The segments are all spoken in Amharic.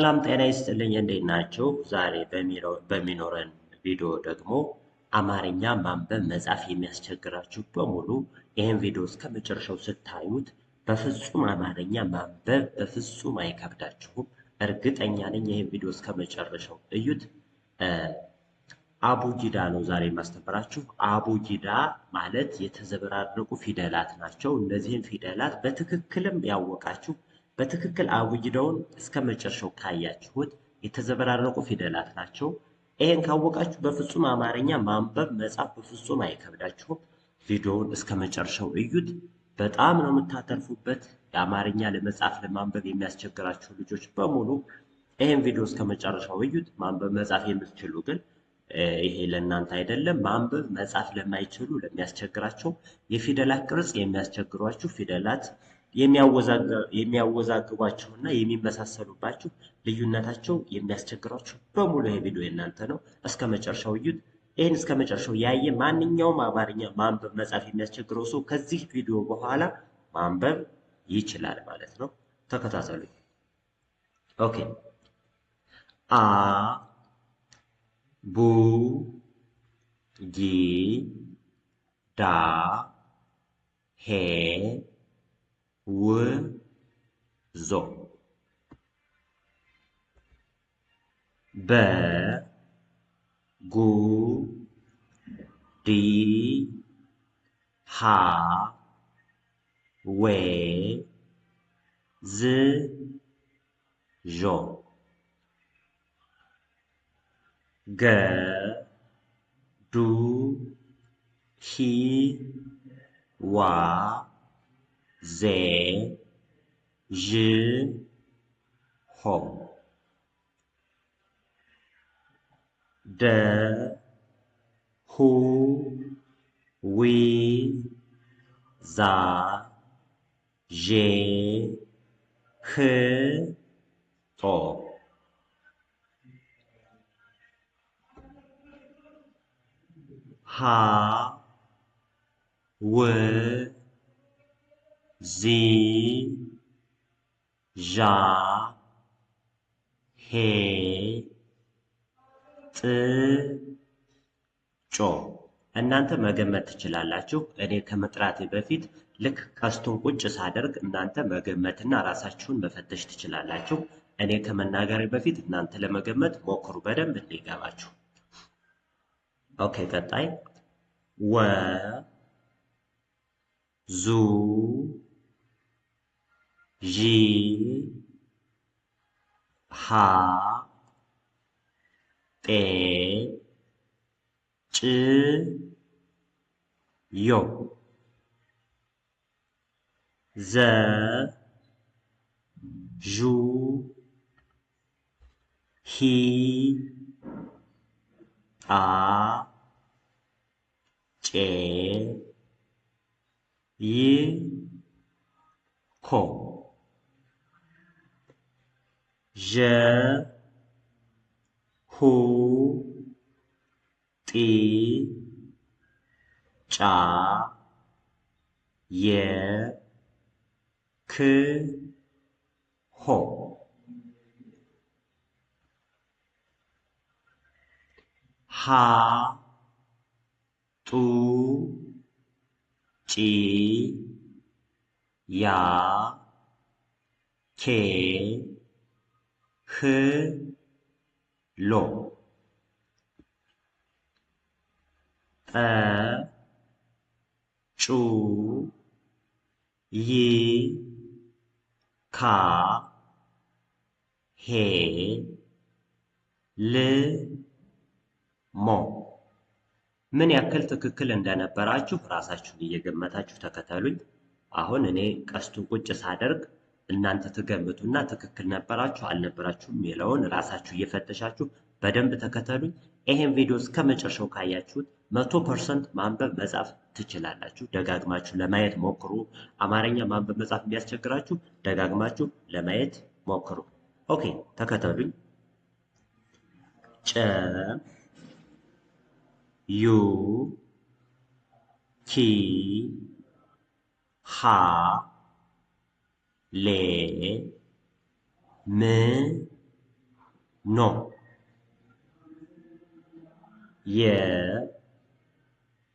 ሰላም ጤና ይስጥልኝ፣ እንዴት ናችሁ? ዛሬ በሚኖረን ቪዲዮ ደግሞ አማርኛ ማንበብ መጻፍ የሚያስቸግራችሁ በሙሉ ይህን ቪዲዮ እስከ መጨረሻው ስታዩት በፍጹም አማርኛ ማንበብ በፍጹም አይከብዳችሁም። እርግጠኛ ነኝ። ይህን ቪዲዮ እስከ መጨረሻው እዩት። አቡጊዳ ነው ዛሬ የማስተምራችሁ። አቡጊዳ ማለት የተዘበራረቁ ፊደላት ናቸው። እነዚህን ፊደላት በትክክልም ያወቃችሁ በትክክል አውጅደውን እስከ መጨረሻው ካያችሁት የተዘበራረቁ ፊደላት ናቸው። ይህን ካወቃችሁ በፍጹም አማርኛ ማንበብ መጻፍ በፍጹም አይከብዳችሁም። ቪዲዮውን እስከ መጨረሻው እዩት። በጣም ነው የምታተርፉበት። የአማርኛ ለመጻፍ ለማንበብ የሚያስቸግራችሁ ልጆች በሙሉ ይህን ቪዲዮ እስከ መጨረሻው እዩት። ማንበብ መጻፍ የምትችሉ ግን ይሄ ለእናንተ አይደለም። ማንበብ መጻፍ ለማይችሉ ለሚያስቸግራቸው፣ የፊደላት ቅርጽ የሚያስቸግሯችሁ ፊደላት እና የሚመሳሰሉባችሁ ልዩነታቸው የሚያስቸግሯችሁ በሙሉ ይሄ ቪዲዮ የእናንተ ነው። እስከ መጨረሻው እዩት። ይህን እስከ መጨረሻው ያየ ማንኛውም አማርኛ ማንበብ መጻፍ የሚያስቸግረው ሰው ከዚህ ቪዲዮ በኋላ ማንበብ ይችላል ማለት ነው። ተከታተሉ። ኦኬ አ ቡ ጊ ዳ ሄ ውዞ በጉዲሃ ዌዝዞ ገዱሂዋ 在日红的红为在日红的红为。ዚ ዣ ሄ ጥ ጮ እናንተ መገመት ትችላላችሁ። እኔ ከመጥራቴ በፊት ልክ ቀስቱን ቁጭ ሳደርግ እናንተ መገመትና ራሳችሁን መፈተሽ ትችላላችሁ። እኔ ከመናገሬ በፊት እናንተ ለመገመት ሞክሩ በደንብ እንዲገባችሁ። ኦኬ፣ ቀጣይ ወ ዙ 日、下、天、有、人、如、he、啊、姐、一、空。热乎地炸也可，下土鸡鸭给。ህሎ ጠ ጩ ይ ካ ሄ ል ሞ ምን ያክል ትክክል እንደነበራችሁ ራሳችሁን እየገመታችሁ ተከተሉኝ። አሁን እኔ ቀስቱ ቁጭ ሳደርግ እናንተ እና ትክክል ነበራችሁ አልነበራችሁም የሚለውን ራሳችሁ እየፈተሻችሁ በደንብ ተከተሉኝ። ይሄን ቪዲዮ እስከ መጨረሻው ካያችሁት መቶ ፐርሰንት ማንበብ መጻፍ ትችላላችሁ። ደጋግማችሁ ለማየት ሞክሩ። አማርኛ ማንበብ መጻፍ የሚያስቸግራችሁ ደጋግማችሁ ለማየት ሞክሩ። ኦኬ ተከተሉኝ። ጨ ዩ ኪ ሃ les non ye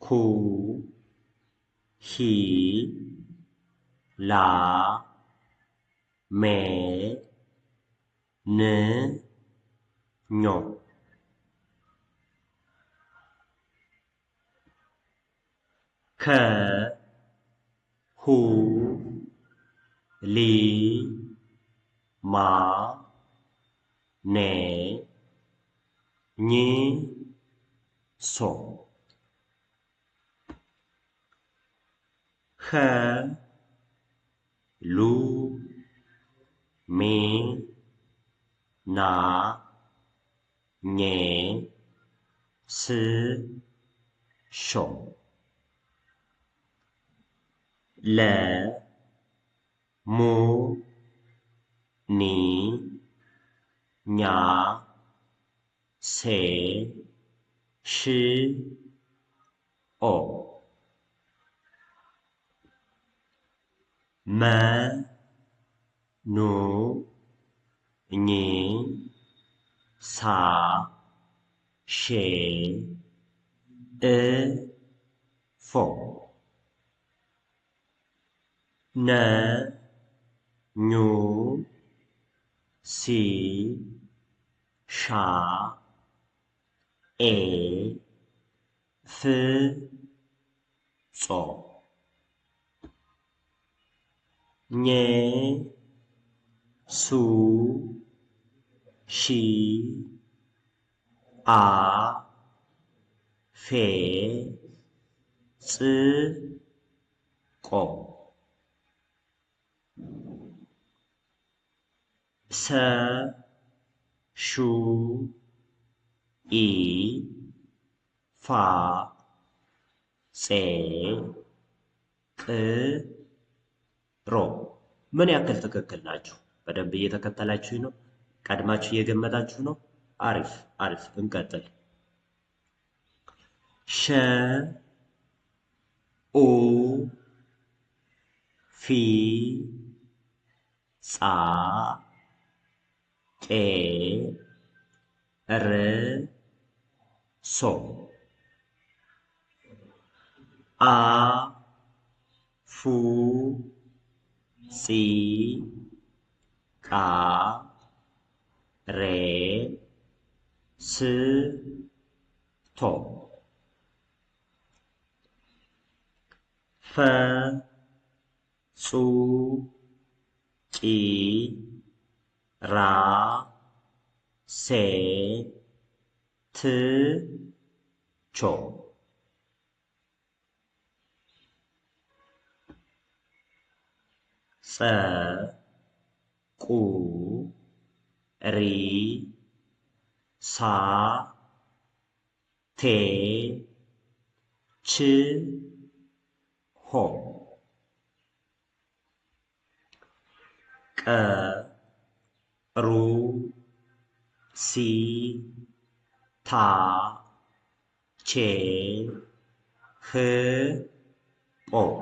khu hi là mẹ nế nhột khờ hù ሊ ማ ኔ ኝ ሶ ኸ ሉ ሚ ና ኜ ስ ሾ ለ mu ni nhã sẽ sư ổ ma nụ nhĩ xả sẽ ê phổ na ኙ ሲ ሻ ኤ ፍ ጾ ኜ ሱ ሺ አ ፌ ጽ ቆ ሰ ሹ ኢ ፋ ፄ ቅ ሮ ምን ያክል ትክክል ናችሁ? በደንብ እየተከተላችሁ ነው? ቀድማችሁ እየገመታችሁ ነው? አሪፍ አሪፍ። እንቀጥል። ሸ ኡ ፊ ጻ ቄ ር ሶ አ ፉ ጺ ቃ ሬ ስ ቶ ፈ ጹ ቂ ራ ሴ ት ቾ ጸ ቁ ሪ ሳ ቴ ች ሆ ቀ รู้สีถาเฉเฮปก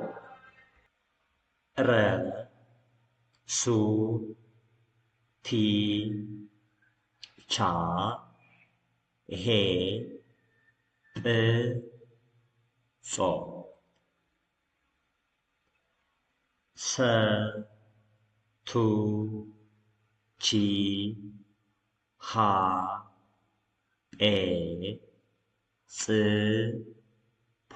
เรสูทีฉาเฮเปสสทู ቺ ሃ ጴ ፅ ፖ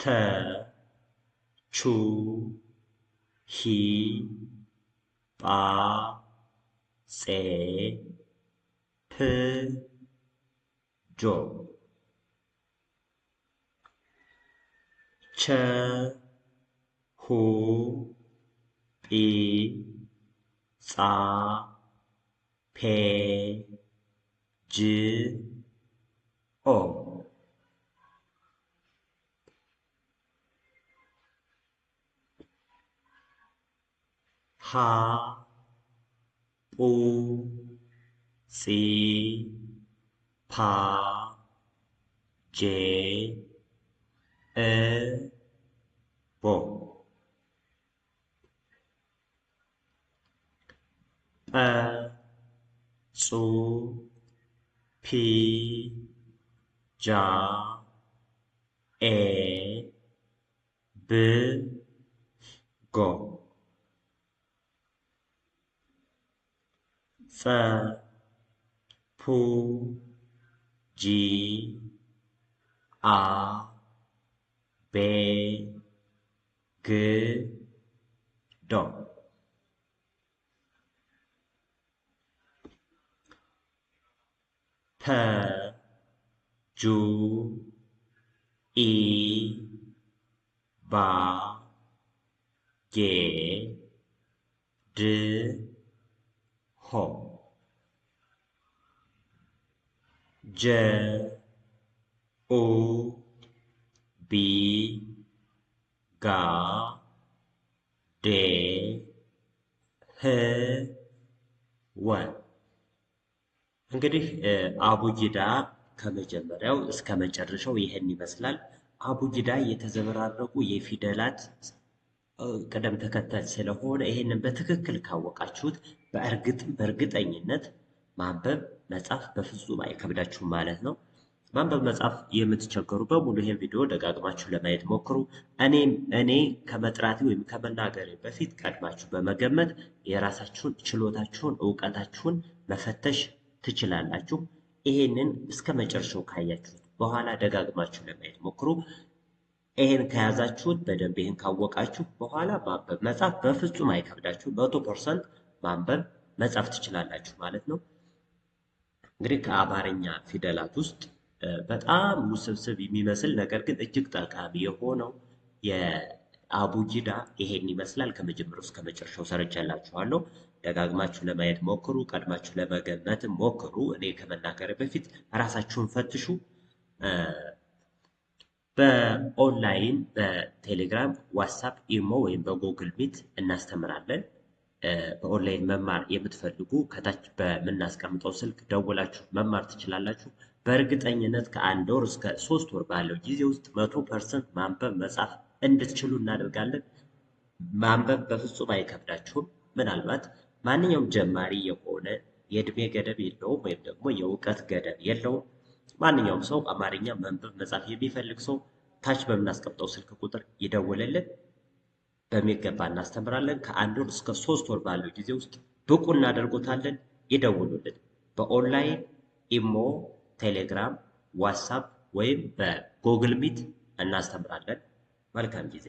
ተ ቹ ሂ ጳ ፄ ፕ ጆ ቸ ሁ 비, 싸, 페, 즈, 어. 하, 오, 시, 파, 제, 에, 보. 수, 피, 자, 에, 드, 고. 사, 푸, 지, 아, 배, 그, 덕. ፐ ጁ ኢ ባ ጌ ድ ሆ ጀ ኡ ቢ ጋ ዴ ህ ወ እንግዲህ አቡጊዳ ከመጀመሪያው እስከ መጨረሻው ይህን ይመስላል። አቡጊዳ የተዘበራረቁ የፊደላት ቅደም ተከተል ስለሆነ ይህንን በትክክል ካወቃችሁት በእርግጥ በእርግጠኝነት ማንበብ መጻፍ በፍጹም አይከብዳችሁም ማለት ነው። ማንበብ መጻፍ የምትቸገሩ በሙሉ ይህን ቪዲዮ ደጋግማችሁ ለማየት ሞክሩ። እኔም እኔ ከመጥራቴ ወይም ከመናገሬ በፊት ቀድማችሁ በመገመት የራሳችሁን ችሎታችሁን እውቀታችሁን መፈተሽ ትችላላችሁ። ይሄንን እስከ መጨረሻው ካያችሁት በኋላ ደጋግማችሁ ለማየት ሞክሩ። ይሄን ከያዛችሁት በደንብ ይሄን ካወቃችሁ በኋላ ማንበብ መጻፍ በፍጹም አይከብዳችሁ። መቶ ፐርሰንት ማንበብ መጻፍ ትችላላችሁ ማለት ነው። እንግዲህ ከአማርኛ ፊደላት ውስጥ በጣም ውስብስብ የሚመስል ነገር ግን እጅግ ጠቃሚ የሆነው የአቡጊዳ ይሄን ይመስላል። ከመጀመሪያው እስከ መጨረሻው ሰርቻላችኋለሁ። ደጋግማችሁ ለማየት ሞክሩ። ቀድማችሁ ለመገመት ሞክሩ። እኔ ከመናገር በፊት ራሳችሁን ፈትሹ። በኦንላይን በቴሌግራም፣ ዋትሳፕ፣ ኢሞ ወይም በጉግል ሚት እናስተምራለን። በኦንላይን መማር የምትፈልጉ ከታች በምናስቀምጠው ስልክ ደውላችሁ መማር ትችላላችሁ። በእርግጠኝነት ከአንድ ወር እስከ ሶስት ወር ባለው ጊዜ ውስጥ መቶ ፐርሰንት ማንበብ መጻፍ እንድትችሉ እናደርጋለን። ማንበብ በፍጹም አይከብዳችሁም። ምናልባት ማንኛውም ጀማሪ የሆነ የእድሜ ገደብ የለውም፣ ወይም ደግሞ የእውቀት ገደብ የለውም። ማንኛውም ሰው አማርኛ መንበብ መጻፍ የሚፈልግ ሰው ታች በምናስቀምጠው ስልክ ቁጥር ይደውልልን፣ በሚገባ እናስተምራለን። ከአንድ ወር እስከ ሶስት ወር ባለው ጊዜ ውስጥ ብቁ እናደርጎታለን። ይደውሉልን። በኦንላይን ኢሞ፣ ቴሌግራም፣ ዋትሳፕ ወይም በጎግል ሚት እናስተምራለን። መልካም ጊዜ